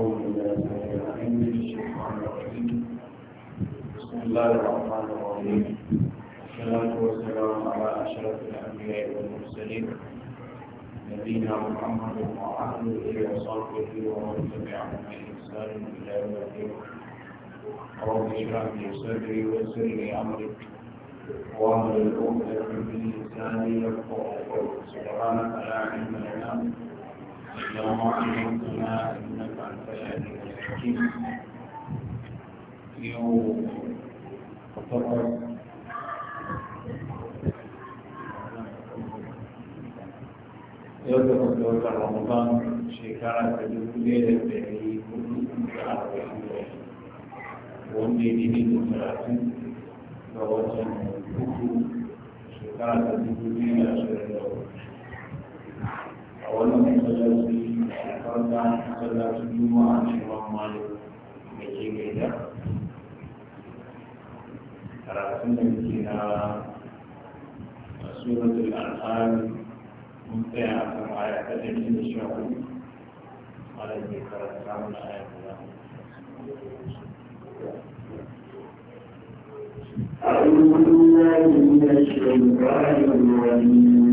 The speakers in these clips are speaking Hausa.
بسم الله الرحمن الرحيم والصلاة على أشرف الأنبياء والمرسلين نبينا محمد وعلى آله وصحبه ومن تبعهم بإحسان إلى يوم الدين رب اشرح لي صدري ويسر لي أمري واحلل عقدة من سبحانك لا علم لنا إلا ما علمتنا إنك yau takwas yau da ramadan shekara ta ne da da arba'in da wanda ya ne da talatin ga watan uku shekara ta ne da ashirin da a wannan farka masallacin juma'a na imam malik da ke gaida karatun da muke na suratul al'ad mun tsaya a kan aya ta ɗari da sha hudu malam bai karanta mana aya guda أعوذ بالله من الشيطان الرجيم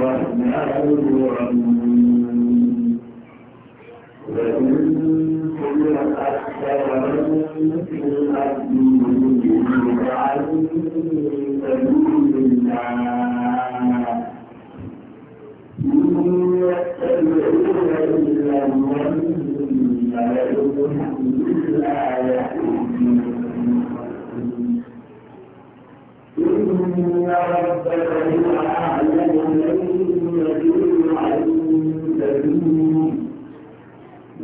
الرحمن الرحيم وإن كل أكثر من في الأرض عن سبيل الله إن يتبعون إلا الظن لا يؤمنون إلا يحكمون Àwọn ọmọ ìlú ni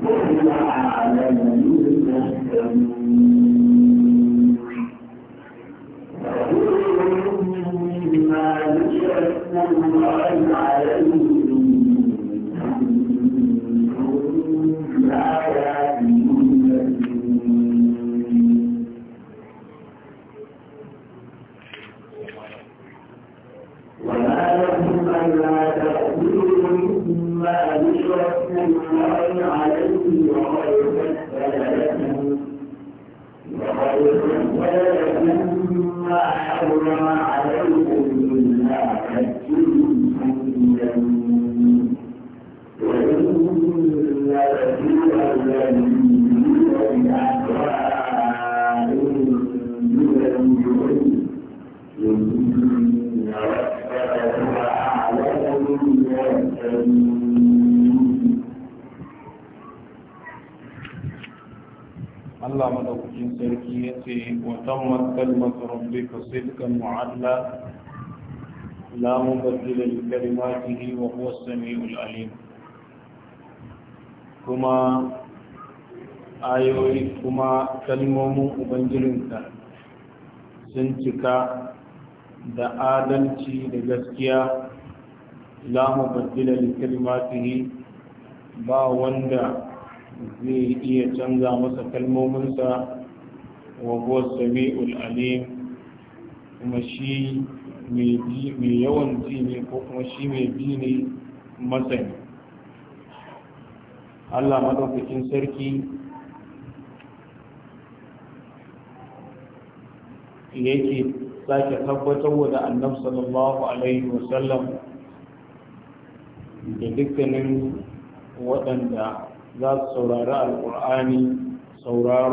wọ́n ń bá ọmọ ìlú. sarki ya ce wa tammat kuma ayoyi kuma kalmomin ubangijinka sun cika da adalci da gaskiya la mubaddila li kalimatihi ba wanda zai iya canza masa kalmominsa وهو السميع العليم ومشي من يوم ديني ومشي من ديني مثلا الله ما دوك تنسركي يكي ساكي ثبت ودع النفس صلى الله عليه وسلم يدكنا ودن دع ذات سورار القرآن سورار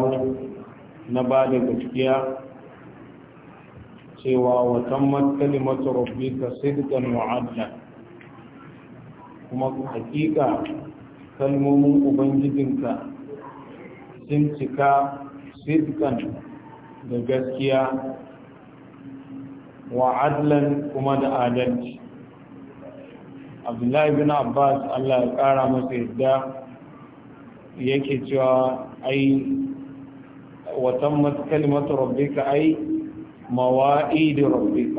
na ba da gaskiya cewa watan mata rabbika sidqan wa wa'adda kuma hakika kalmomin ubangijinka sun cika sirgan da gaskiya wa kuma da adalci abdullahi bin abbas allah ya kara masa yadda yake cewa ai وتمت كلمة ربك أي مواعيد ربك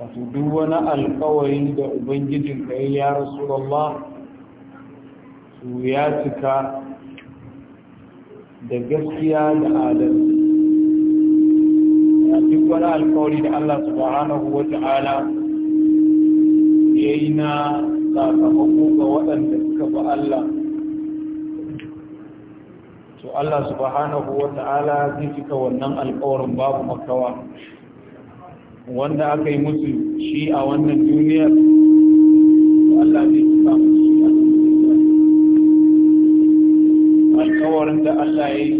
وتدون القوين دا أبنجدك أي يا رسول الله سوياتك da gaskiya da adalci a duk wani alkawari da Allah subhanahu wa ta'ala ya yi na sakamako ga waɗanda suka ba Allah to Allah subhanahu wa ta'ala zai cika wannan alƙawarin babu makawa wanda aka yi musu shi a wannan duniyar Allah zai cika musu shi a alƙawarin da Allah ya yi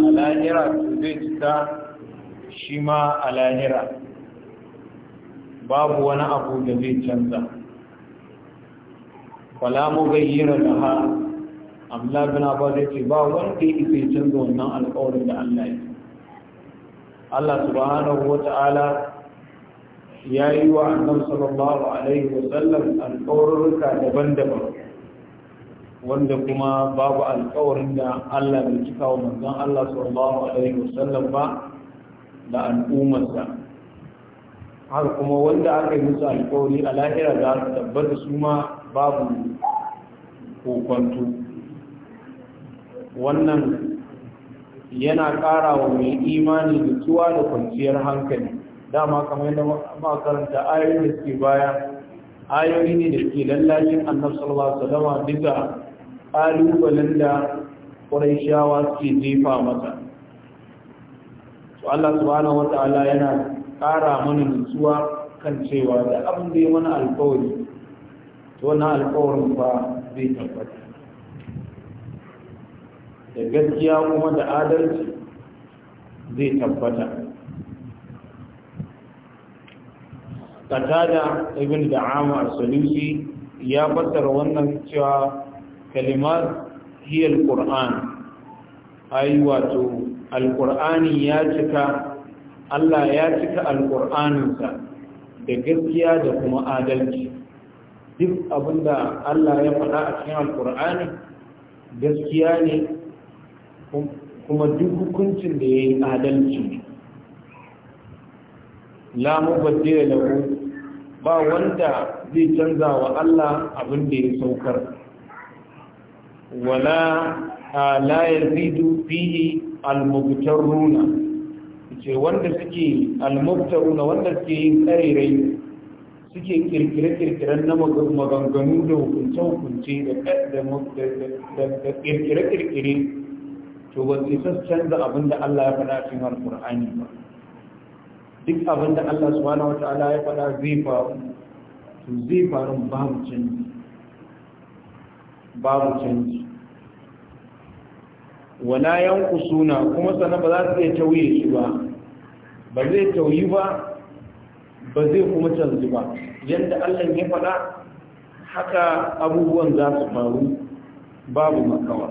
a lahira zai cika shi ma a lahira babu wani abu da zai canza fala da ha amma bin abbas ce ba wanda ya yake canza wannan alƙawarin da Allah ya Allah subhanahu wata'ala ya yi wa annabi sallallahu alaihi wasallam alƙawarruka daban-daban wanda kuma babu alƙawarin da Allah bai cika wa manzon Allah sallallahu alaihi wasallam ba da al'ummarsa har kuma wanda aka yi musu alkawari a lahira za su tabbata su ma babu kokonto wannan yana ƙara wa mai imani nutsuwa da kwanciyar hankali dama kamar yadda makaranta ayoyi da suke baya ayoyi ne da ke lallashin annabi sallallahu alaihi wasallam bisa ƙalubalen da shawa suke jefa masa to Allah subhanahu ta'ala yana ƙara mana nutsuwa kan cewa da abin da ya mana alƙawari to na alƙawarin fa zai tabbata da gaskiya kuma da adalci zai tabbata katada ibn da'ama salusi ya fassara wannan cewa kalimar hiya al-qur'an ai wato al ya cika Allah ya cika al da gaskiya da kuma adalci duk abinda Allah ya faɗa a cikin alkur'ani gaskiya ne kuma duk hukuncin da ya yi adalci ne lamu badde da ba wanda zai canza wa Allah abinda ya saukar wala la yazidu fihi almubtaruna ce wanda suke almubtaruna wanda suke yin tsarirai suke kirkire-kirkiren na maganganu da hukunce-hukunce da kirkire-kirkire to ba su isa canza abin da Allah ya faɗa cikin alkur'ani ba duk abin da Allah subhanahu wata ala ya faɗa zai faru to zai faru babu canji babu canji wana yanku suna kuma sana ba za su iya tauye shi ba ba zai tauyi ba ba zai kuma canzu ba yadda Allah ya faɗa haka abubuwan za su faru babu makawa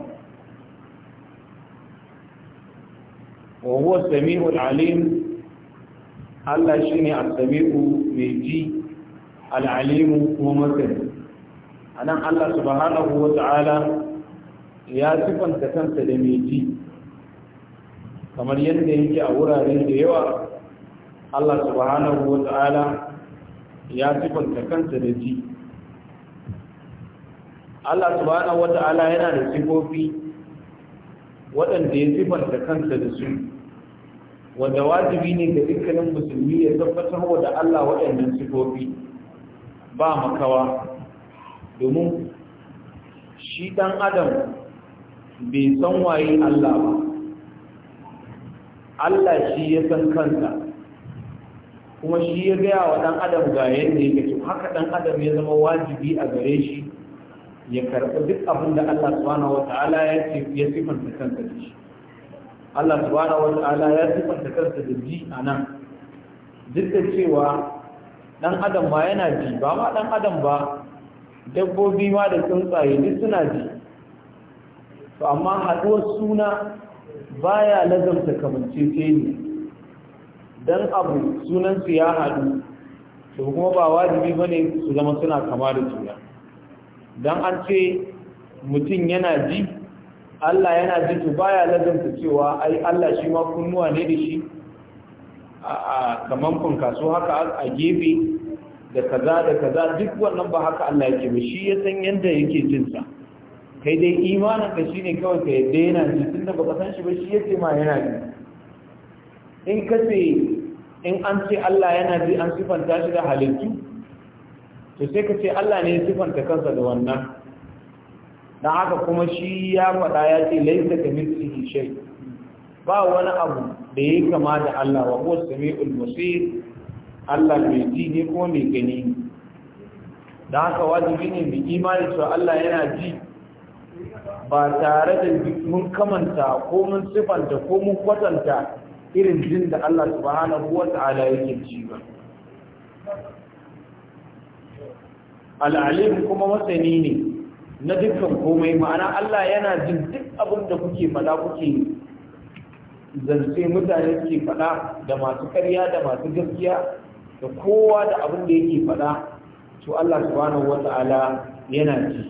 wa huwa sami'ul alim Allah ne a samiu mai ji al-alimu kuma masani nan, Allah subhanahu wa ta'ala ya sifanta kansa da mai ji kamar yadda yake a wurare da yawa Allah subhanahu wa ta'ala ya sifanta kansa da ji Allah subhanahu wa ta'ala yana da sifofi waɗanda ya sifanta kansa da su wanda wajibi ne ga dukkanin musulmi ya tabbatar wa da Allah waɗannan sifofi ba makawa domin shi ɗan adam bai san waye Allah ba Allah shi ya san kansa kuma shi ya gaya wa ɗan adam ga yadda ya to haka ɗan adam ya zama wajibi a gare shi ya karɓi duk abin da Allah subhanahu ta'ala ya ce ya sifanta kansa da shi Allah subhanahu ta'ala ya sifanta kansa da ji a nan duk da cewa ɗan adam ma yana ji ba ma ɗan adam ba dabbobi ma da tsuntsaye duk suna ji to amma haɗuwar suna baya lazamta kamanceceniya dan abu sunan su ya haɗu, to kuma ba wajibi bane su zama suna kama da juna dan an ce mutum yana ji Allah yana ji to baya lazanta cewa ai Allah shi ma kunnuwa ne da shi a kaman kunkaso haka a gefe da kaza da kaza duk wannan ba haka Allah yake ba shi ya san yanda yake jin sa kai dai imanin ka shine kawai ka yadda yana ji tunda baka san shi ba shi yake ma yana ji in kace in an ce Allah yana ji an sifanta shi da halittu to sai ka ce Allah ne ya sifanta kansa da wannan dan haka kuma shi ya faɗa ya ce laisa kamithlihi shay ba wani abu da yake kama da Allah wa huwa samiul basir Allah mai ji ne ko mai gani dan haka wajibi ne mai imani cewa Allah yana ji ba tare da mun kamanta ko mun sifanta ko mun kwatanta irin jin da Allah subhanahu wa ta'ala yake ji ba al'alim kuma masani ne na dukkan komai ma'ana Allah yana jin duk abin da kuke faɗa kuke zance mutane ke faɗa da masu ƙarya da masu gaskiya da kowa da abin da yake faɗa to Allah subhanahu wa ta'ala yana ji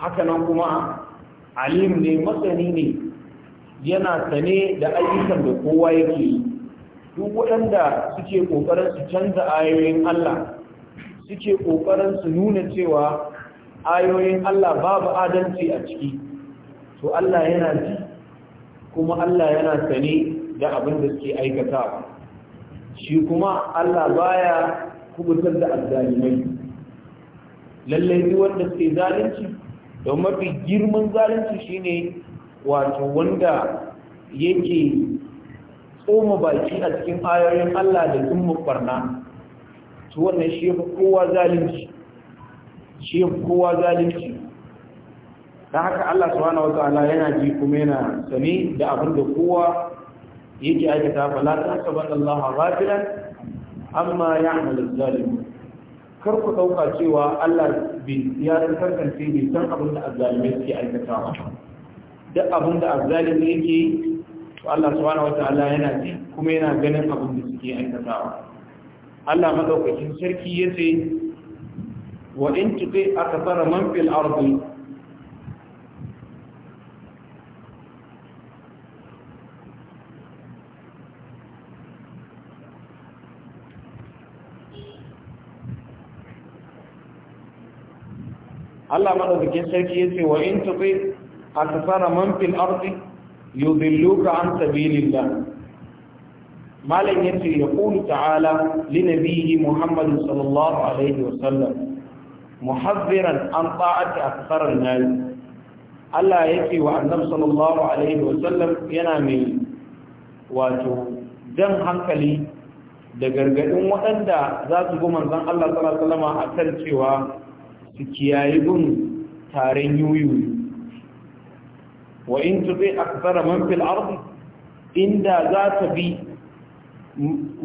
haka nan kuma alim ne masani ne yana sane da ayyukan da kowa yake yi duk waɗanda suke ƙoƙarin su canza ayoyin Allah suke ƙoƙarin su nuna cewa ayoyin Allah babu adalci a ciki to Allah yana ji kuma Allah yana sane da abin da suke aikata shi kuma Allah baya kubutar da azzalimai lallai duk wanda suke zalunci don mafi girman zalunci shine wato wanda yake tsoma baki a cikin ayoyin Allah da sun mubarna to wannan shi ya fi kowa zalunci shi fi kowa zalunci dan haka Allah subhanahu wataala yana ji kuma yana sani da abin da kowa yake aikata ta ka ban Allah ghafilan amma ya'malu zalim kar ku dauka cewa Allah bi ya tantance bi san abin da azzalimai suke aikatawa duk abin da azalimi yake to Allah subhanahu wata'ala yana ji kuma yana ganin abin da suke aikatawa Allah madaukakin sarki yace wa in tuqi akthara man fil ardi Allah madaukakin sarki yace wa in tuqi akthara man fil ardi yudilluka an sabilillah malam yace ya qulu ta'ala li nabiyyi muhammad sallallahu alaihi wa sallam muhadhiran an ta'ati akthara an-nas Allah yake wa annabi sallallahu alaihi yana mai wato jan hankali da gargadin waɗanda za su go manzon Allah sallallahu alaihi wa akan cewa su kiyayi gun taron yuyuyu wa in tuti a man fil inda za ta bi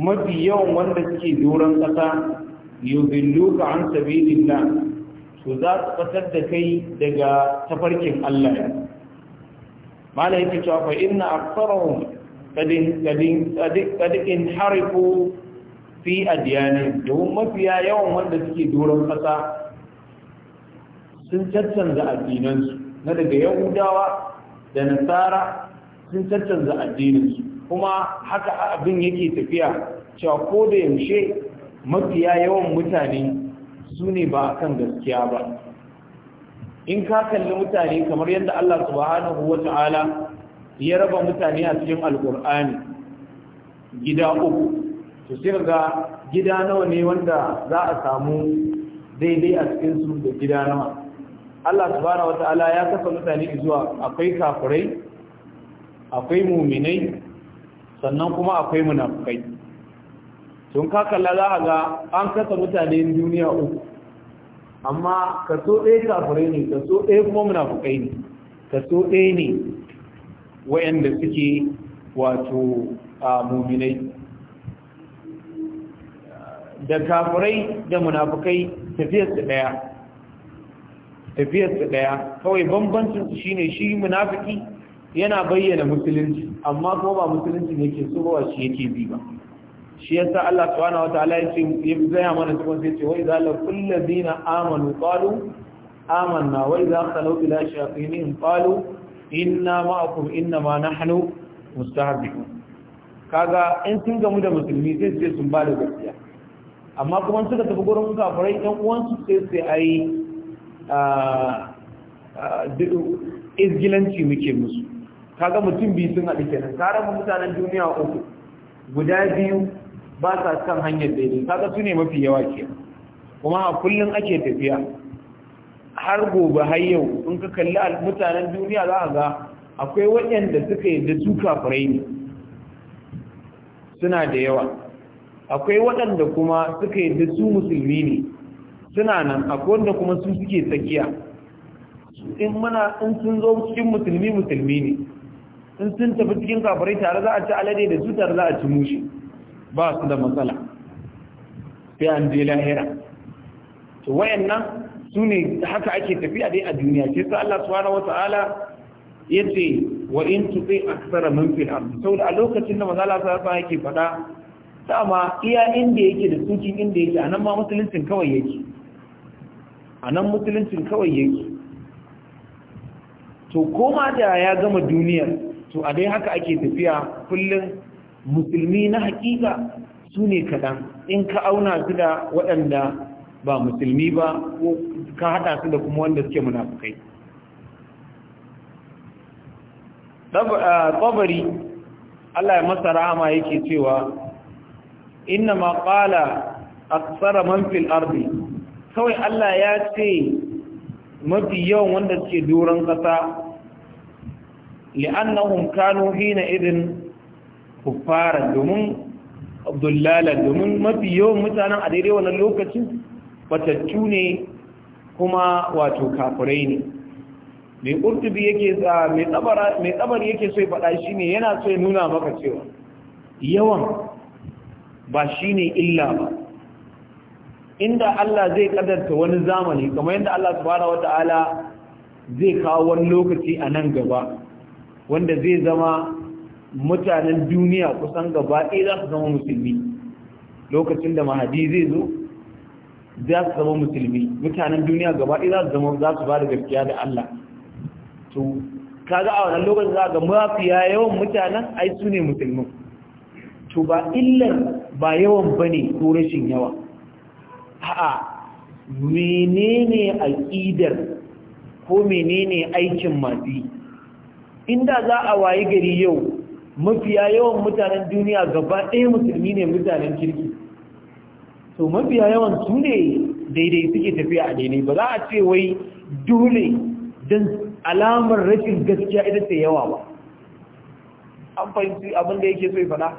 mafi yawan wanda suke doron kasa yudilluka an sabilillah to za su fatar da kai daga tafarkin Allah mala yake cewa fa inna aktharahum kadin kadin kadin harifu fi adyani domin mafiya yawan wanda suke doron kasa sun caccanza addinansu na daga yahudawa da nasara sun tattanza addininsu kuma haka abin yake tafiya cewa ko da yaushe mafiya yawan mutane su ne ba a kan gaskiya ba in ka kalli mutane kamar yadda Allah subhanahu wa ta'ala ya raba mutane a cikin alkur'ani gida uku su ga gida nawa ne wanda za a samu daidai a cikinsu da gida nawa Allah subhanahu wata'ala ya kafa mutane zuwa akwai kafirai akwai muminai sannan kuma akwai munafukai tun kakalla za a ga an kasa mutane duniya uku amma kaso ɗaya kafirai ne kaso ɗaya kuma munafukai ne kaso ɗaya ne wayanda suke wato a muminai da kafirai da munafukai su ɗaya tafiyarsa ɗaya kawai bambancin su shine shi munafiki yana bayyana musulunci amma kuma ba musulunci ne ke so ba shi yake bi ba shi yasa Allah subhanahu wataala yace ya zaya mana cikin sai ce wa idza la kullu ladina amanu qalu amanna wa idza khalu ila shayatinihim qalu inna ma'akum inna ma nahnu mustahbihun kaga in sun gamu da musulmi sai su sun ba da gaskiya amma kuma suka tafi gurin kafirai ɗan uwansu sai sai ai izgilanci muke musu kaga mutum biyu sun haɗu kenan tare mu mutanen duniya uku guda biyu ba sa kan hanyar daidai kaga su ne mafi yawa ke kuma a kullum ake tafiya har gobe har yau in ka kalli mutanen duniya za a ga akwai waɗanda suka yi da su kafirai ne suna da yawa akwai waɗanda kuma suka yi da su musulmi ne suna nan akwai wanda kuma su suke tsakiya in muna in sun zo cikin musulmi musulmi ne in sun tafi cikin kafirai tare za a ci alade da su za a ci mushi ba su da matsala sai an je lahira to wayannan su ne haka ake tafiya dai a duniya sai sa Allah subhanahu wataala yace wa in tuqi aksara min fil ard saboda a lokacin da manzala sa sa yake fada dama iya inda yake da sukin inda yake anan ma musulunci kawai yake a nan musuluncin kawai yake to koma da ya gama duniyar to a dai haka ake tafiya kullum musulmi na hakika su ne kaɗan in ka auna su da waɗanda ba musulmi ba ko ka haɗa su da kuma wanda suke munafukai tsabari Allah ya masa rahama yake cewa inna ma qala aksara man fil ardi kawai Allah ya ce mafi yawan wanda suke doron ƙasa li'annahum kanu hina idin kufara domin abdullala domin mafi yawan mutanen a daidai wannan lokacin batattu ne kuma wato kafirai ne mai ƙurtubi yake mai tsabar yake so ya faɗa shi ne yana so ya nuna maka cewa yawan ba shi ne illa ba inda Allah zai kadarta wani zamani kamar yadda Allah subhanahu wata'ala zai kawo wani lokaci a nan gaba wanda zai zama mutanen duniya kusan gaba ɗaya za su zama musulmi lokacin da mahadi zai zo za su zama musulmi mutanen duniya gaba ɗaya za su zama za su ba da gaskiya da Allah to kaga a wannan lokacin za ga mafiya yawan mutanen ai su ne musulmin to ba illar ba yawan bane ko rashin yawa a'a menene aqidar ko menene aikin mafi inda za a wayi gari yau mafiya yawan mutanen duniya gaba ɗaya musulmi ne mutanen kirki to mafiya yawan su ne daidai suke tafiya a daidai ba za a ce wai dole don alamar rashin gaskiya ita ce yawa ba an fahimci abin da yake so ya fada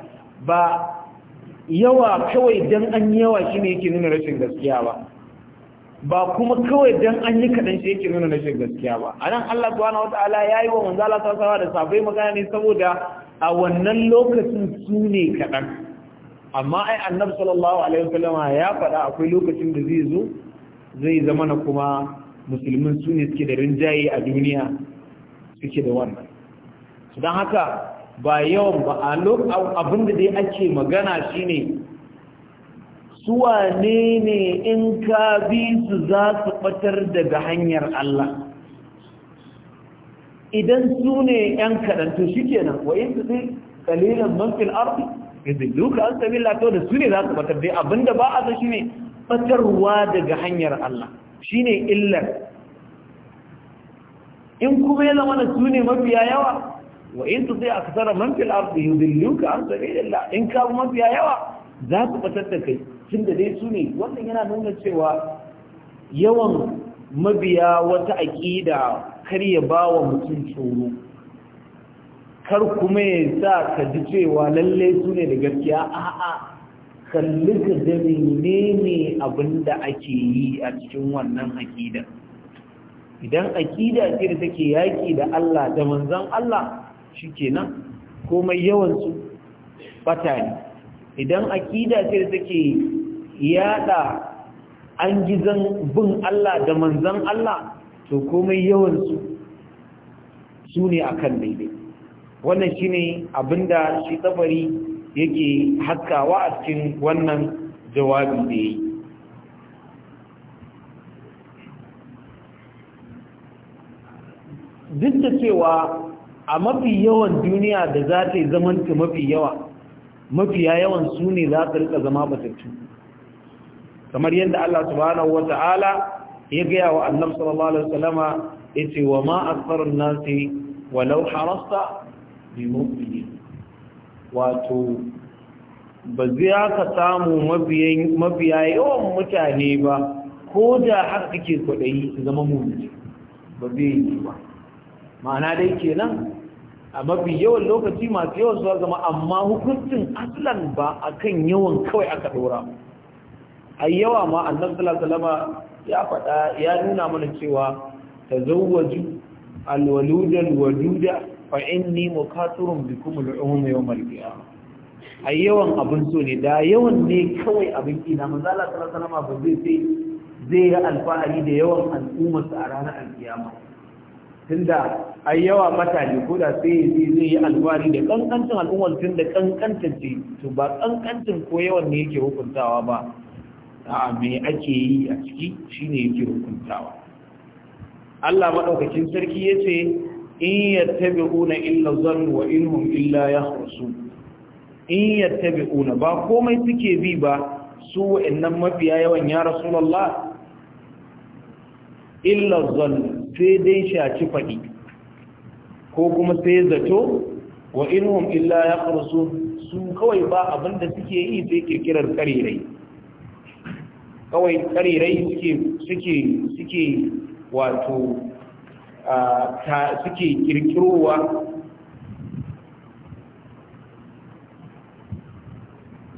ba yawa kawai dan an yi yawa shi ne yake nuna rashin gaskiya ba ba kuma kawai dan an yi kaɗan shi yake nuna rashin gaskiya ba a nan Allah subhanahu Ta'ala ya yi wa ta sawa da safai magana ne saboda a wannan lokacin su ne kaɗan amma ai annabi sallallahu alaihi wasallama ya faɗa akwai lokacin da zai zo zai zama na kuma musulmin su ne suke da rinjaye a duniya suke da wannan don haka ba yawan ba a abin da dai ake magana shine suwa ne ne in ka bi su za su batar daga hanyar Allah idan su ne ‘yan kaɗan shi shi kenan wa yin su ne kalilan manfil arzi izin duka an sami lato da su ne za su batar dai abinda ba a shi ne fatarwa daga hanyar Allah shi ne illar in kuma ya zama da su ne mafiya yawa wa in tuti aksara man fil ardi yudilluka an sabilillah in ka biya yawa za ku batar da kai da dai su ne wannan yana nuna cewa yawan mabiya wata aƙida kar ya ba wa mutum tsoro kar kuma ya sa ka ji cewa lallai su ne da gaskiya a'a kalli ka da menene abin da ake yi a cikin wannan aƙida idan aƙida ce da take yaƙi da Allah da manzon Allah shikenan komai yawan su ne idan aƙida ce da take yada an gizan bin Allah da manzan Allah to komai yawan su su ne kan daidai wannan shi shine abinda shi tsabari yake haskawa a cikin wannan jawabi da yayi duk da cewa a mafi yawan duniya da za ta yi zamanta mafi yawa mafi yawan su ne za ta rika zama batattu kamar yadda Allah subhanahu Ta'ala ya gaya wa annabi sallallahu alaihi wasallama yace wa ma aktharun nasi walau harasta bi mu'minin wato ba zai aka samu mafiya yawan mutane ba ko da har kake kwadayi su zama ba zai yi ba ma'ana dai kenan a mafi yawan lokaci masu yawan zuwa zama amma hukuncin aslan ba a kan yawan kawai aka dora a yawa ma annan salama ya faɗa ya nuna mana cewa ta zauwaju alwaludan waduda fa inni mukaturun bikum al'umma yawm al-qiyamah a yawan abin so ne da yawan ne kawai abin kina manzo Allah sallallahu alaihi ba zai sai zai yi alfahari da yawan al'umma a ranar al tunda ai yawa mutane ko da sai zai zai yi alfari da kankancin al'ummar tun da kankancin ce to ba kankancin ko yawan ne yake hukuntawa ba a me ake yi a ciki shine yake hukuntawa Allah madaukakin sarki yace in yattabi'una illa zann wa innahum illa yakhrusun in yattabi'una ba komai suke bi ba su wa'annan mafiya yawan ya rasulullah illa zan sai dai shaci faɗi ko kuma sai zato wa inhum illa ya ƙarsu su kawai ba abinda suke yi sai kirkirar ƙarirai kawai ƙarirai suke wato suke kirkirowa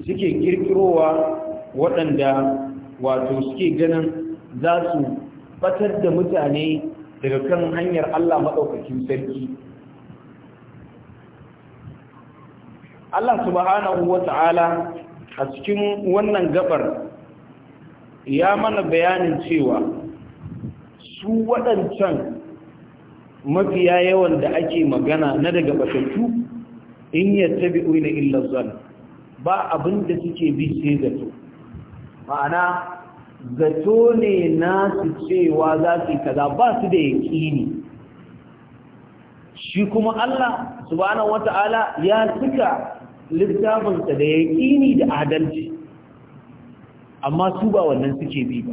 suke kirkirowa waɗanda wato suke ganin za su batar da mutane daga kan hanyar Allah maɗaukakin sarki Allah subhanahu wa ta'ala a cikin wannan gabar ya mana bayanin cewa su waɗancan mafiya yawan da ake magana na daga batattu in yattabi'u na illar zan ba abin da suke bi sai zato ma'ana zato ne nasu cewa za su kaza ba su da yaƙini shi kuma Allah subhanahu wata'ala ya cika littafinsa da yaƙini da adalci amma su ba wannan suke bi ba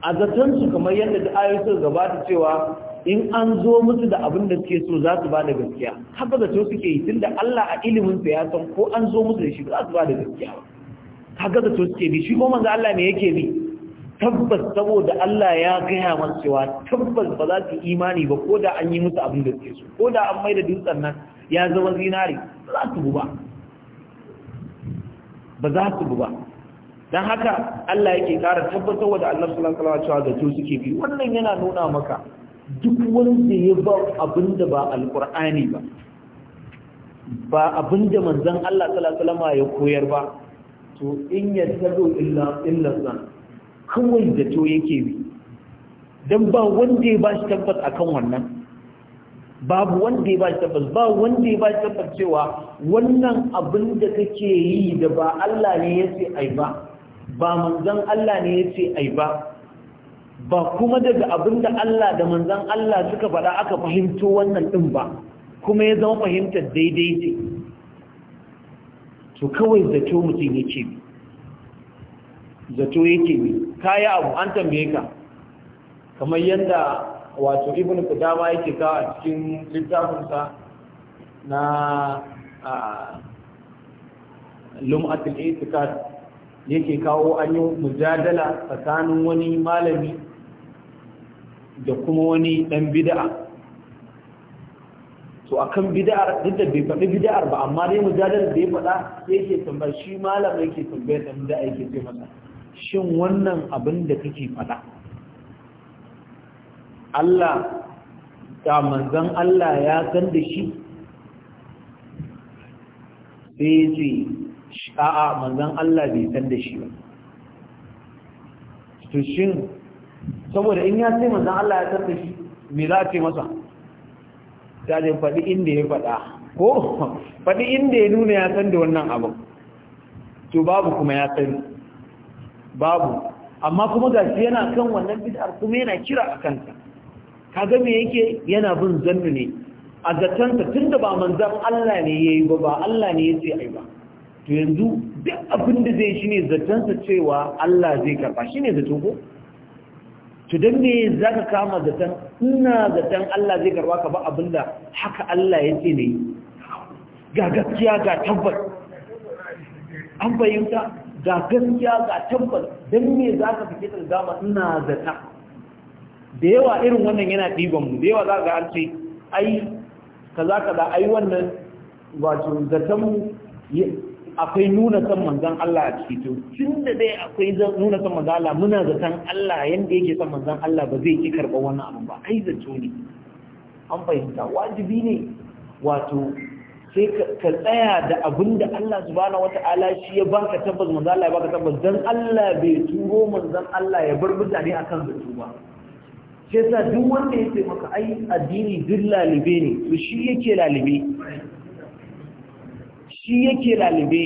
a zatonsu kamar yadda da ayyukan ta cewa in an zo musu da abin da suke so za su ba da gaskiya haka zato suke yi tun da Allah a iliminsa ya san ko an zo musu da shi ba za su ba da gaskiya ba kaga da suke bi shi kuma manzo Allah me yake bi tabbas saboda Allah ya gaya masa cewa tabbas ba za su imani ba ko da an yi musu abin da suke so ko da an mai da dutsen nan ya zama zinari ba za su ba ba za su ba don haka Allah yake ƙara tabbatar da Allah sallallahu alaihi wasallam da su suke bi wannan yana nuna maka duk wanda ya ba abinda ba alqur'ani ba ba abinda manzon Allah sallallahu alaihi wasallam ya koyar ba to in ya illa illa zan kawai da to yake bi dan ba wanda ya shi tabbas akan wannan babu wanda ya shi tabbas ba wanda ya shi tabbas cewa wannan abin da kake yi da ba Allah ne yace ai ba ba manzon Allah ne yace ai ba ba kuma daga abin da Allah da manzan Allah suka faɗa aka fahimto wannan ɗin ba kuma ya zama fahimtar daidai ce to kawai zato mutum yake bi zato yake bi kayi abu an tambaye ka kamar yadda wato ibn kudama yake ka a cikin littafinsa na lum'atul itiqad yake kawo an yi mujadala tsakanin wani malami da kuma wani dan bid'a to akan bid'ar duk da bai faɗi bid'ar ba amma dai mujadal da ya faɗa yake tambayar shi malam yake tambayar da da yake ce masa shin wannan abin da kake faɗa Allah da manzon Allah ya san da shi sai ce a'a manzon Allah bai san da shi ba to shin saboda in ya ce manzon Allah ya san da shi me za a ce masa dajin faɗi inda ya faɗa ko faɗi inda ya nuna ya san da wannan abin to babu kuma ya san babu amma kuma ga yana kan wannan bid'ar kuma yana kira a kanta kaga me yake yana bin zannu ne a zatansa tunda ba manzan Allah ne yayi ba ba Allah ne yace ai ba to yanzu duk abin da zai shine zatansa cewa Allah zai karba shine zato ko to don me za ka kama zaton ina zaton Allah zai karba ka ba abinda haka Allah ya ce ne ga gaskiya ga tabbar an fahimta ga gaskiya ga tabbar don me za ka fi kitar dama ina zata da yawa irin wannan yana ɗiban mu da yawa za ga an ce ai kaza kaza ai wannan wato zaton akwai nuna san manzan Allah a ciki to tun da dai akwai nuna san manzan Allah muna zaton Allah yanda yake san manzan Allah ba zai ki karɓar wannan abu ba ai zato ne an fahimta wajibi ne wato sai ka tsaya da abin da Allah subhanahu wata'ala shi ya baka tabbas manzan Allah ya baka tabbas dan Allah bai turo manzan Allah ya bar mutane akan zato ba sai sa duk wanda ya ce maka ai addini duk ne to shi yake lalibe shi yake lalube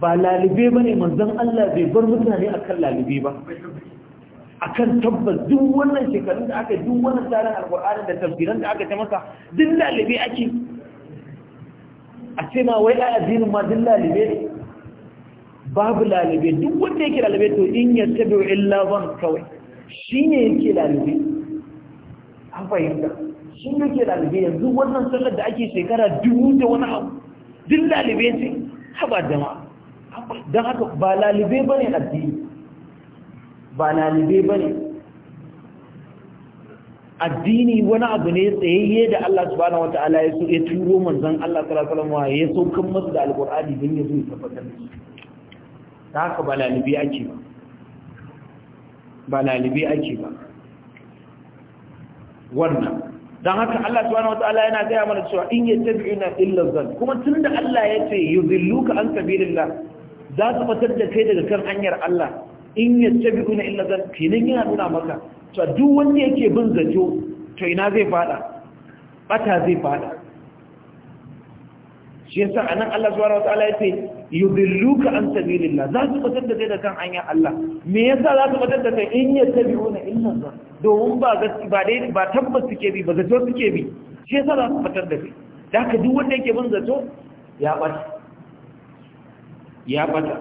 ba lalube ba ne manzan Allah bai bar mutane akan lalube ba akan tabbas duk wannan shekarun da aka duk wannan tsarin alkur'ani da tafsiran da aka ta masa duk lalube ake a ce ma wai ɗaya addinin ma duk lalube ne babu lalube duk wanda yake lalube to in ya tabi illa ban kawai shi ne yake lalube an fahimta shi ne yake lalube yanzu wannan sallar da ake shekara dubu da wani abu duk lalibe ce haba jama'a don haka ba lalibe ba ne addini ba lalibe ba ne addini wani abu ne tsayayye da Allah subhanahu wata'ala ya so ya turo manzon Allah sallallahu alaihi ya saukan masu da alqur'ani don ya zo ya tabbatar da shi ta haka ba lalibi ake ba ba lalibi ake ba wannan don haka Allah subhanahu wataala yana gaya mana cewa in yattabi'una illa zan kuma tun da Allah ya ce yace yuzilluka an sabilillah za su fitar da kai daga kan hanyar Allah in yattabi'una illa dhann kenan yana nuna maka cewa duk wanda yake bin zato to ina zai fada bata zai fada shi ya a nan Allah subhanahu wataala yace yudilluka an sabilillah za su fitar da kai daga kan hanyar Allah me yasa za su fitar da kai in yattabi'una illa zan? domin ba gaskiya ba tabbas suke bi ba zato suke bi shi yasa za su fitar da shi da haka duk wanda yake bin zato ya bata ya bata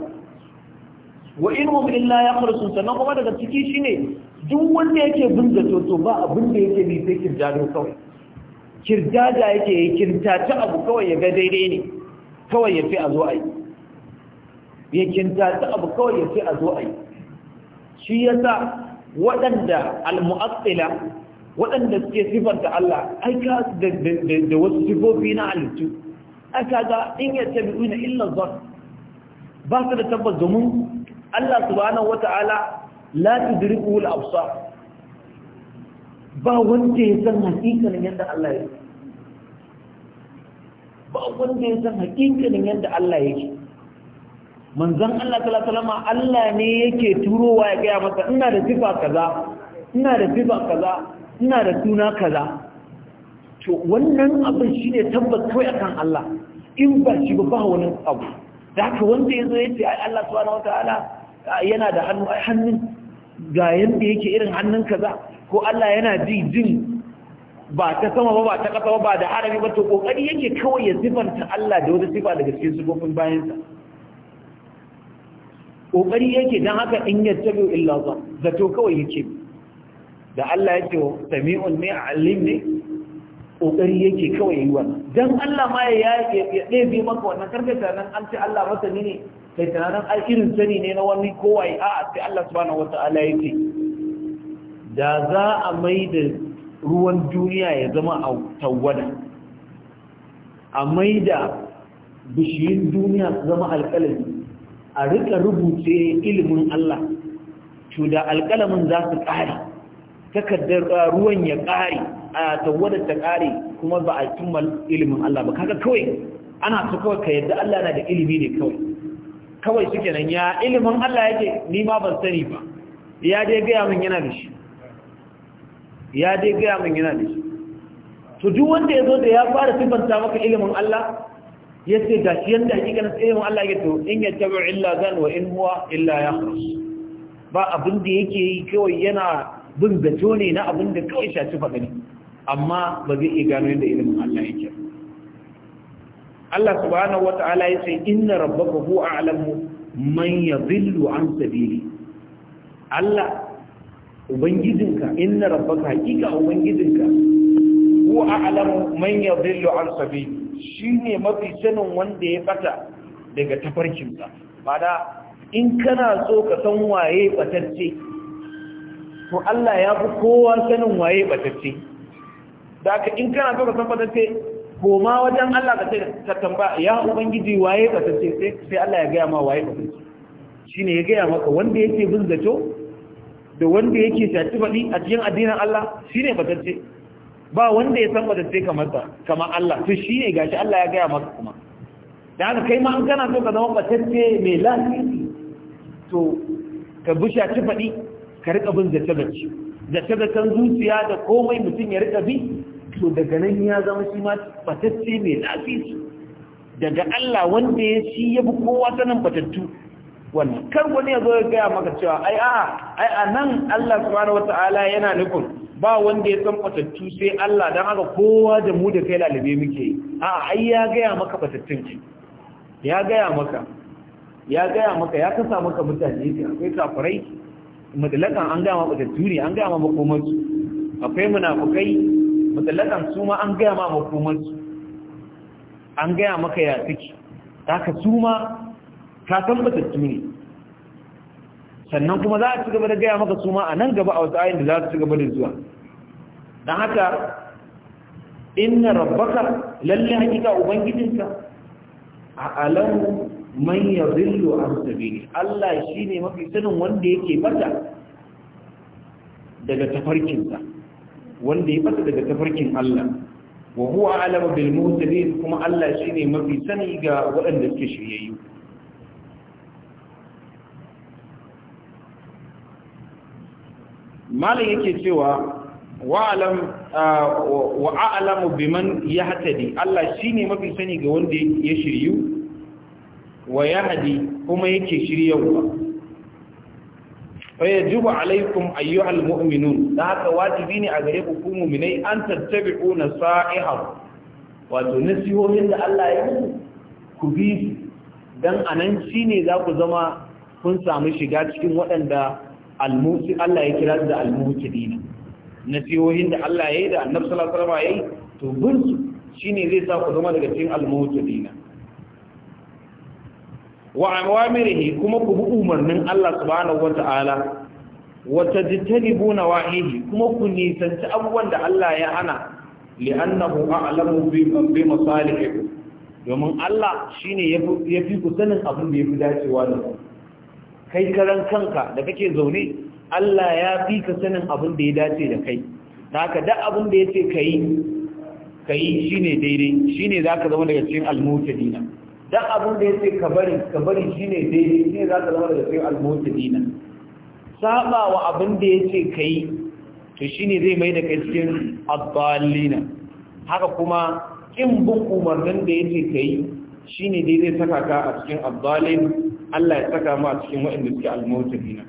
wa in hum illa yakhrusun sannan kuma daga ciki shine duk wanda yake bin zato to ba abin da yake bi sai kirjado kawai kirjada yake yi kintace abu kawai ya ga daidai ne kawai ya fi a zo a yi ya kintace abu kawai ya fi a zo a yi shi yasa waɗanda al-mu'attila waɗanda suke sifanta Allah ai ka da wasu sifofi na halittu ai ka ga in ya tabi'u ina illa zan ba su da tabbas domin Allah subhanahu wata'ala la tudriku al-absar ba wanda ya san hakikanin yadda Allah yake ba wanda ya san hakikanin yadda Allah yake manzon Allah sallallahu Allah ne yake turowa ya gaya masa ina da sifa kaza ina da sifa kaza ina da suna kaza to wannan abin ne tabbas kawai akan Allah in ba shi ba ba wani abu da haka wanda zo yace ai Allah subhanahu ta'ala, ah, yana da hannu ai hannun ga yanda yake irin hannun kaza ko Allah yana ji jin ba ta sama ba ba ta kasa ba ba da harabi ba to kokari yake kawai ya sifanta Allah da wata sifa daga cikin sifofin bayansa kokari yake dan haka in yattabi illa za zato kawai yake da Allah ya yake sami'un ne a alim ne kokari yake kawai yi wannan dan Allah ma ya ya ɗebe maka wannan karkata nan an ce Allah masani ne sai tunanin ai irin sani ne na wani kowai a'a sai Allah subhanahu ya yake da za a mai da ruwan duniya ya zama a tawwada a maida bishiyun duniya su zama alƙalami a rika rubuce ilimin Allah to da alƙalamin za su ƙare takardar uh, ruwan ya ƙare a tawadar ta ƙare kuma ba a cimma ilimin Allah ba kaga kawai ana so kawai ka yadda Allah na da ilimi ne kawai kawai suke nan ya ilimin Allah yake ni ma ban sani ba ya dai gaya min yana da shi ya dai gaya min yana da shi to duk wanda ya zo da ya fara sifanta maka ilimin Allah yace ga shi yanda hakikan tsayin Allah yake to in ya tabu illa zan wa in huwa illa ya kharus ba abin da yake yi kawai yana bin gato ne na abin da kawai shaci faɗa ne amma ba zai iya gano yadda ilimin Allah yake Allah subhanahu wata'ala ya ce inna rabbaka huwa a'lamu man yadhillu an sabili Allah ubangijinka inna rabbaka hakika ubangijinka huwa a'lamu man yadhillu an sabili shi ne mafi sanin wanda ya bata daga tafarkinsa bada in kana so ka san waye batacce to Allah ya fi kowa sanin waye batacce da aka in kana so ka san batacce ma wajen Allah ka ka tamba ya ubangiji waye batacce sai Allah ya gaya ma waye batacce shine ya gaya maka wanda yake bin zato da wanda yake shafi faɗi a cikin addinin Allah shine batacce ba wanda ya san ba da sai kamar sa kamar Allah to shi ne gashi Allah ya gaya maka kuma da haka kai ma an kana so ka zama batacce mai lafiya to ka busha ci faɗi ka riƙa bin zace-zace zace-zacen zuciya da komai mutum ya riƙa bi to daga nan ya zama shi ma batacce mai lafiya daga Allah wanda ya shi ya fi kowa sanin batattu wannan kar wani ya zo ya gaya maka cewa ai a ai a nan Allah subhanahu wata'ala yana nufin ba wanda ya san fatattu sai Allah don haka kowa da mu da kai lalube muke a ai ya gaya maka fatattun ki ya gaya maka ya gaya maka ya kasa maka mutane ki akwai kafirai mutlakan an gaya ma fatattu ne an gaya ma makomansu akwai munafukai mutlakan su ma an gaya ma makomansu an gaya maka ya suke haka su ma ka san fatattu ne sannan kuma za a ci gaba da gaya maka su ma a nan gaba a wasu ayin da za su ci gaba da zuwa don haka inna rabbaka lalle hakika ubangijinka a alamu man yadhillu an sabili Allah shine mafi sanin wanda yake bata daga tafarkinsa wanda ya bata daga tafarkin Allah wa huwa alamu bil kuma Allah shine mafi sani ga waɗanda suke shiryayyu malam yake cewa wa'alam wa biman yahtadi Allah shine mafi sani ga wanda ya shiryu wa yahdi kuma yake shiryawa fa yajibu alaikum ayyuhal mu'minun da haka wajibi ne a gare ku ku mu'minai an tattabi'u nasaiha wato nasihohin da Allah ya yi ku bi dan anan shine za ku zama kun samu shiga cikin waɗanda almusi Allah ya kira da almukidina nasihohin da Allah ya yi da annabi sallallahu alaihi ya yi to bin su shi ne zai sa ku zama daga cikin dina. wa awamirihi kuma ku bi umarnin Allah subhanahu wata'ala wa tajtanibu nawahihi kuma ku nisanci abubuwan da Allah ya hana li'annahu a'lamu bi masalihikum domin Allah shine yafi ku sanin abin da yafi dacewa da ku kai karan kanka da kake zaune Allah ya fi ka sanin abin da ya dace da kai da haka duk abin da ya ce ka yi ka yi shi ne daidai shi ne za ka zama daga cikin almota dina duk abin da ya ce ka bari ka bari shi ne daidai shi ne za ka zama daga cikin almota dina saba wa abin da ya ce ka yi to shi ne zai mai da kai cikin abbalina haka kuma kin bin umarnin da ya ce ka yi shi ne dai zai saka ka a cikin abbalin Allah ya saka mu a cikin waɗanda suke al na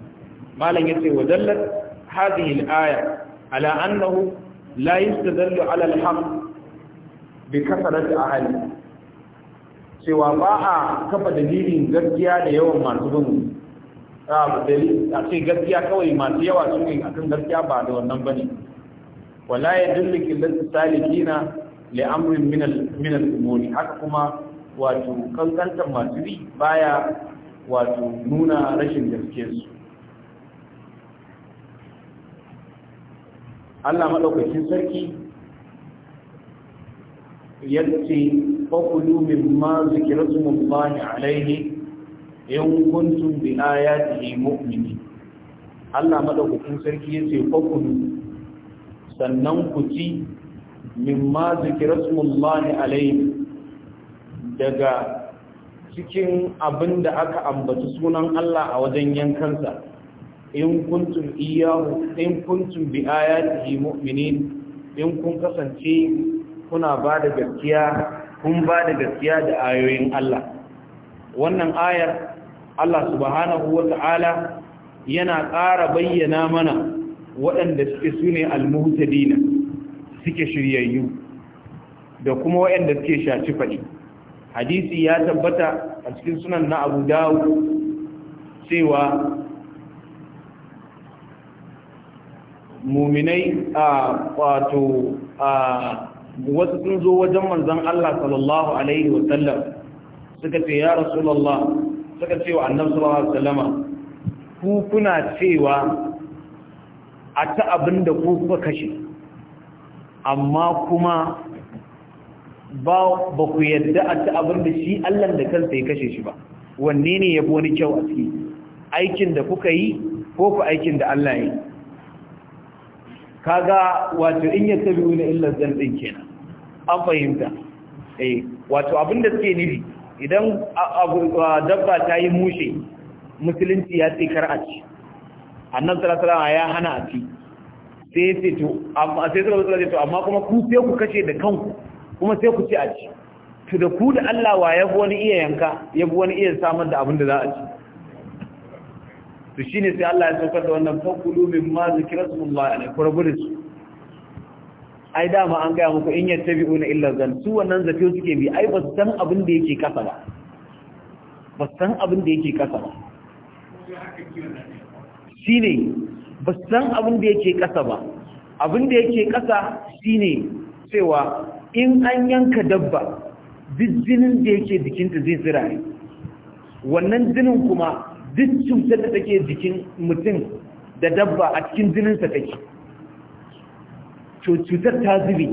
malam yace wa dallat hadhihi al-aya ala annahu la yastadallu ala al-haqq bi kasarati ahli cewa ba a kafa dalilin gaskiya da yawan masu bin a ce gaskiya kawai masu yawa su yi akan gaskiya ba da wannan bane wala yadullu qillatu salikina li amrin umuri haka kuma wato kankantar masu bi baya wato nuna rashin gaske su. Allah maɗaukacin sarki yace fakulu mimma zikratullahi alaihi in kuntum bi ayatihi mu'minin Allah madaukakin sarki yace fakulu sannan ku ci mimma zikratullahi alaihi daga cikin abin da aka ambaci sunan Allah a wajen yankansa in kuntum iyahu in kuntum bi ayatihi mu'minin in kun kasance kuna ba da gaskiya kun ba da gaskiya da ayoyin Allah wannan ayar Allah subhanahu wata'ala yana ƙara bayyana mana waɗanda suke sune almuhtadina suke shiryayyu da kuma waɗanda suke shaci faɗi hadisi ya tabbata a cikin sunan na abu dawo cewa muminai a wato a wasu sun zo wajen manzan Allah sallallahu alaihi wasallam suka ce ya rasulallah suka ce wa annabi sallallahu alaihi wasallama ku kuna cewa a ta abin da ku kuka kashe amma kuma ba ba ku yadda a ta abin da shi Allah da kansa ya kashe shi ba wanne ne ya wani kyau a ciki aikin da kuka yi ko ku aikin da Allah ya yi kaga wato in ya tabi wani illar zan ɗin kenan an fahimta eh wato abin da suke nufi idan dabba ta yi mushe musulunci ya ce kar a ci annan salasala ya hana a ci sai ya ce to amma kuma ku sai ku kashe da kanku kuma sai ku ci a ci to da ku da Allah wa yabi wani iya yanka yabi wani iya samar da abin da za a ci to shine sai Allah ya saukar da wannan fakulu min ma zikrasmullah alai ku rabu da su ai ma an gaya muku in yattabi'una illa zan su wannan zato suke bi ai ba su san abin da yake kasa ba ba su san abin da yake kasa ba shine ba su san abin da yake kasa ba abin da yake kasa shine cewa in an yanka dabba duk jinin da yake jikinta zai ne wannan jinin kuma duk cutar da take jikin mutum da dabba a cikin jininsa take to cutar ta zube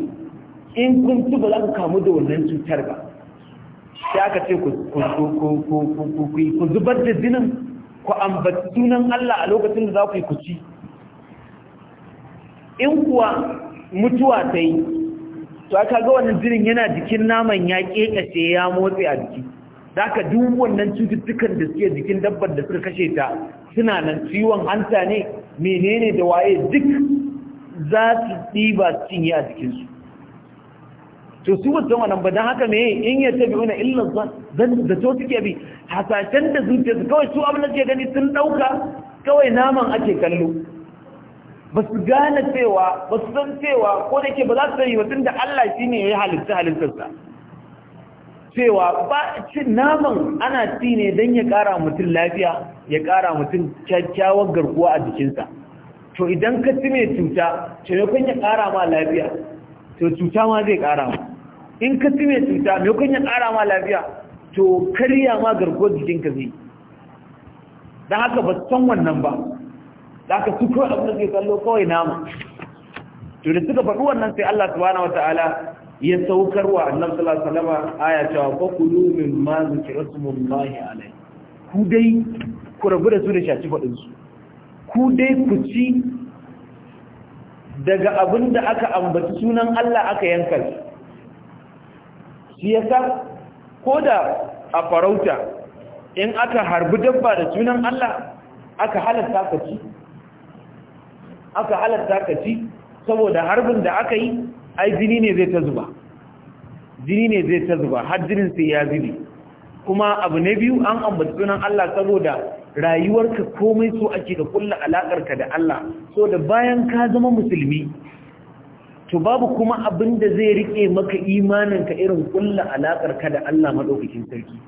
in kun ci ba za ku kamu da wannan cutar ba sai aka ce ku zubar da jinin ku ambaci sunan Allah a lokacin da za ku yi ku ci in kuwa mutuwa ta yi to aka ga wannan jinin yana jikin naman ya kekace ya motsi a jiki da ka duk wannan cututtukan da suke jikin dabbar da suka kashe ta suna nan ciwon hanta ne menene da waye duk za su ɗiba cinye a jikinsu to su wasu wannan ba don haka me in ya tabi wani illan zan da to suke bi hasashen da su kawai su abin da suke gani sun ɗauka kawai naman ake kallo ba su gane cewa ba su san cewa ko da ke ba za su sani tun da Allah shi ne ya yi halitta halittarsa cewa ba ci naman ana ci ne don ya ƙara mutum lafiya ya ƙara mutum kyakkyawar garkuwa a jikinsa to idan ka ci mai cuta kun ya ƙara ma lafiya to cuta ma zai ƙara ma in ka ci mai cuta kun ya ƙara ma lafiya to karya ma garkuwar jikinka zai don haka ba san wannan ba da aka su abin da ke kallo kawai nama to da suka faɗi wannan sai Allah subhanahu wataala ya saukar wa annabi sallallahu alaihi wasallam aya cewa ko kulu min ma zikra smullahi alai ku dai ku rabu da su da shaci faɗin su ku dai ku ci daga abin da aka ambaci sunan Allah aka yanka shi yasa ko da a farauta in aka harbi dabba da sunan Allah aka halatta ka ci aka halatta ka ci saboda harbin da aka yi ai jini ne zai ta zuba jini ne zai ta zuba har jinin sai ya zube kuma abu na biyu an ambaci sunan Allah saboda rayuwarka komai so ake ka kulla alakarka da Allah so da bayan ka zama musulmi to babu kuma abin da zai rike maka imaninka irin kulla alakarka da Allah madaukakin sarki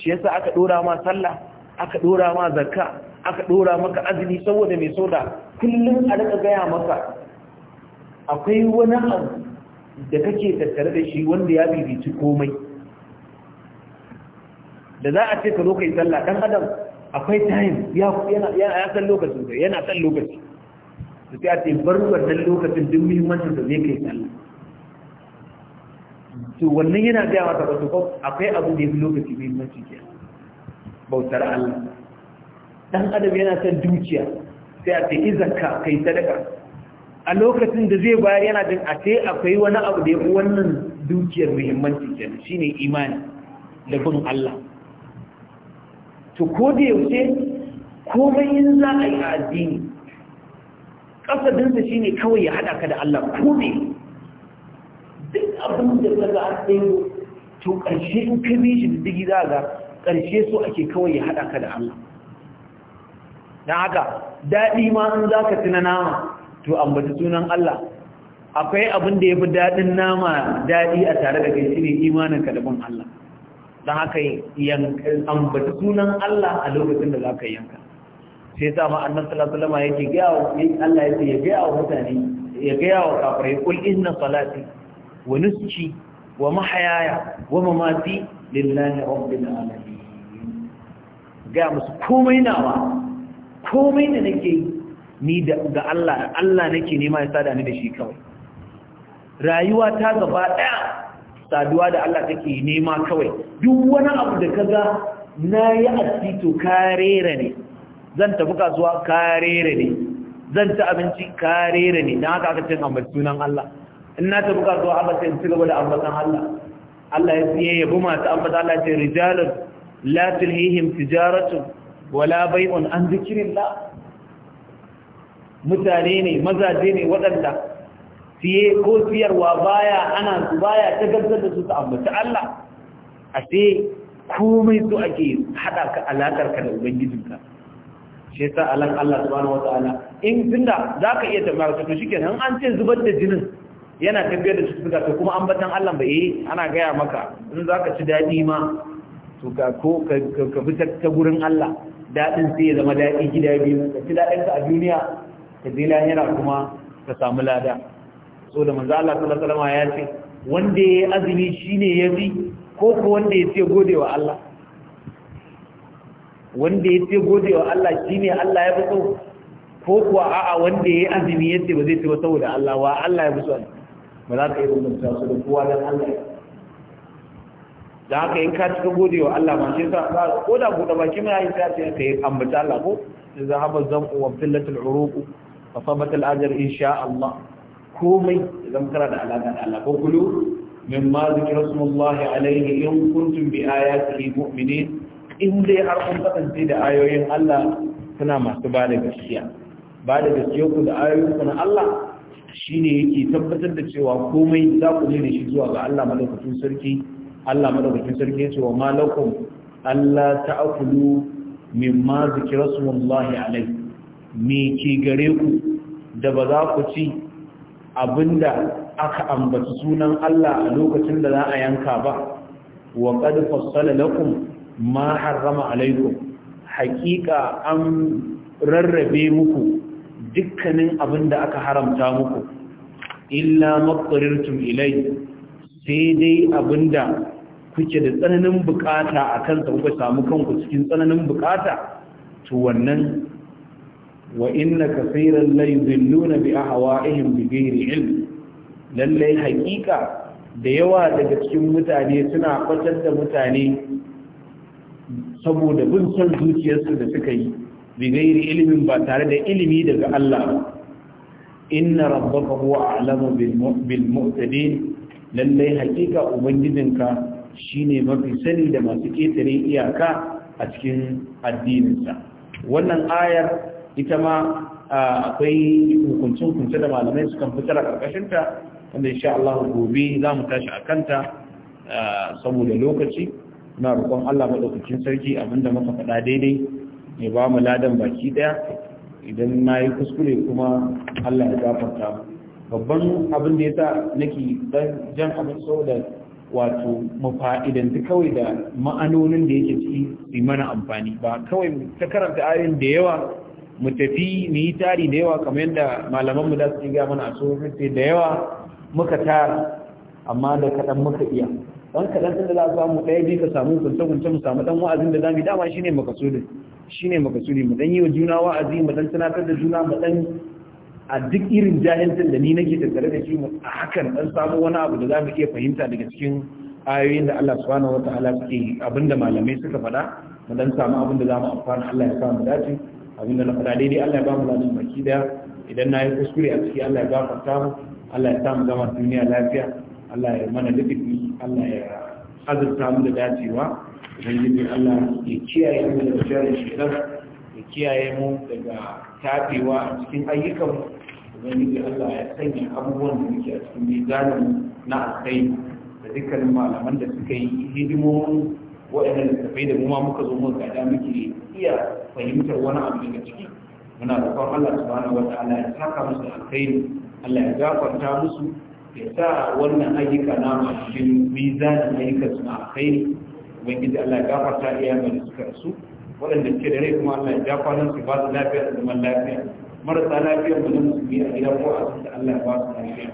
shi yasa aka dora ma sallah aka dora ma zakka aka dora maka azumi saboda mai soda kullum a daga gaya maka akwai wani abu da kake tattare da shi wanda ya bibici komai da za a ce ka zo kai sallah dan adam akwai time ya yana ya san lokacin da yana san lokaci da sai a ce bar wannan lokacin duk muhimmancin da zai kai sallah to wannan yana gaya maka ba to akwai abu da ya fi lokaci muhimmanci ke bautar Allah dan adam yana son dukiya sai a ce izaka kai sadaka a lokacin da zai bayar yana jin a ce akwai wani abu da ya fi wannan dukiyar muhimmanci kenan shine imani da bin Allah to ko da yaushe komai in za a yi a addini kasadinsa shine kawai ya hada ka da Allah ko ne duk abin da daga an tsayo to ƙarshe in ka bi shi digi za ga ƙarshe so ake kawai ya haɗa ka da Allah don haka daɗi ma in za ka tuna nama to ambaci sunan Allah akwai abin da ya fi daɗin nama daɗi a tare da kai shine imanin kalibin Allah don haka ambaci sunan Allah a lokacin da za ka yanka sai sa ma annan ya yake gaya Allah ya ce ya gaya wa mutane ya gaya wa kafirai kul inna salati wa nusci wa mahayaya wa mamati lillahi rabbil alamin ga musu komai nawa komai da nake ni ga Allah Allah nake nema ya sada ni da shi kawai rayuwa ta gaba daya saduwa da Allah take nema kawai duk wani abu da kaga nayi asito karere ne zan tafi kasuwa karere ne zan ci abinci karere ne dan haka aka cin amma sunan Allah in na tafi kasuwa Allah sai in ci gaba da ambatan Allah Allah ya tsiye ya bi masu ambata Allah ya ce rijalun la tulhihim tijaratu wala bai bai'un an da? mutane ne mazaje ne waɗanda siye ko siyarwa baya ana su baya ta gamsar da su ta ambaci Allah a sai komai su ake haɗa ka alaƙar ka da ubangijinka shi yasa alan Allah subhanahu wataala in za ka iya tambayar ka to shikenan an ce zubar da jinin yana tafiyar da su cututtuka ta, kuma ambatan Allah ba eh ana gaya maka in za ka ci daɗi ma to ka ko ka bi ta gurin Allah daɗin sai ya zama daɗi gida biyu ka ci daɗinka a duniya ka je lahira kuma ka samu lada so da manzo Allah sallallahu alaihi wasallam ya ce wanda yayi azumi shine yafi ko ko wanda ya ce godewa Allah wanda ya ce godewa Allah shine Allah ya fi so ko kuwa a'a wanda yayi azumi yace ba zai ci ba saboda Allah wa Allah ya fi so ba za ka yi rubuta su da kowa dan Allah da haka in ka cika gode wa Allah ma shi sa ko da buɗe baki mai ayi sai ka yi ambata Allah ko da zahaba zam wa fillatul uruq fa sabata al ajr insha Allah komai zan kara da alaka da Allah ko kulu mimma zikra smullah alayhi in kuntum bi ayatihi mu'minin in dai har kun kasance da ayoyin Allah suna masu ba da gaskiya ba da gaskiya ku da ayoyin ku na Allah shine yake tabbatar da cewa komai za ku ne da shi zuwa ga Allah madaukakin sarki Allah madaukakin sarki yace wa malakum alla ta'kulu mimma zikra smullahi alai me ki gare ku da ba za ku ci abinda aka ambaci sunan Allah a lokacin da za a yanka ba wa qad fassala lakum ma harrama alaikum haqiqa an rarrabe muku dukkanin abinda aka haramta muku illa maqtarirtum ilai sai dai abinda kuke da tsananin bukata a kansa kuka samu kanku cikin tsananin bukata to wannan wa inna kaseeran la yudilluna bi ahwa'ihim bi ghairi ilm lalle haqiqa da yawa daga cikin mutane suna fatar da mutane saboda bin son zuciyarsu da suka yi bi ghairi ilmin ba tare da ilimi daga Allah ba inna rabbaka huwa a'lamu bil mu'tadin lalle haqiqa ubangijinka Shi ne mafi sani da masu ketare iyaka a cikin addininsa wannan ayar ita ma akwai hukunce-hukunce da malamai sukan fitar a ƙarƙashinta wanda insha Allah gobe za mu tashi a kanta saboda lokaci na roƙon Allah maɗaukacin sarki abinda muka faɗa daidai ya ba mu ladan baki ɗaya idan na yi kuskure kuma Allah ya gafarta babban abin da ya sa nake jan abin saboda wato mu kawai da ma'anonin da yake ciki su mana amfani ba kawai ta karanta ayoyin da yawa mu tafi mu yi tari da yawa kamar yadda malaman mu da su ga mana a tsohon da yawa muka tara amma da kaɗan muka iya don kaɗan da za su samu ɗaya biyu ka samu kunce-kunce mu samu ɗan wa'azin da za mu yi dama shine makasudin shine makasudi mu ɗan yi wa juna wa'azi mu ɗan tunatar da juna mu ɗan. a duk irin jahilcin da ni nake tattare da shi a hakan dan samu wani abu da za mu iya fahimta daga cikin ayoyin da Allah subhanahu wataala suke abinda malamai suka faɗa mu dan samu abin da za mu amfana Allah ya samu dace abin da na faɗa daidai Allah ya ba mu ladan baki daya idan na yi kuskure a ciki Allah ya gafarta mu Allah ya samu zama duniya lafiya Allah ya mana likifi Allah ya azurta mu da dacewa ubangiji Allah ya kiyaye mu daga sharin ya kiyaye mu daga tafewa a cikin ayyukanmu ubangiji Allah ya sanya abubuwan da muke a cikin mizanin na akai, da dukkanin malaman da suka yi hidimomin waɗannan littattafai da kuma muka zo muka gada muke iya fahimtar wani abu daga ciki muna roƙon Allah subhanahu wata'ala ya saka musu alkhairi Allah ya gafarta musu ya sa wannan ayyuka na masu cikin mizanin ayyukan su na alkhairi ubangiji Allah ya gafarta iyayen da suka rasu waɗanda ke da rai kuma Allah ya kwanan su ba su lafiya su zama lafiya marasa lafiya mu na su a gida ko a da Allah ya ba su lafiya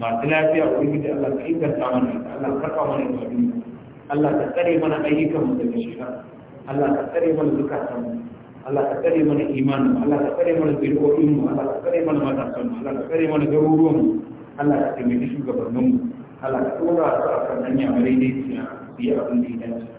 masu lafiya ko yi da Allah ka inganta mana Allah ka kafa mana da wani Allah ka tsare mana ayyukan mu daga shiga Allah ka tsare mana zukatan mu Allah ka tsare mana imanin Allah ka tsare mana zuriyoyin mu Allah ka tsare mana matasan mu Allah ka tsare mana garuruwan mu Allah ka taimaki shugabannin mu Allah ka tura su a kan hanya mai daidai su yi abin da ya dace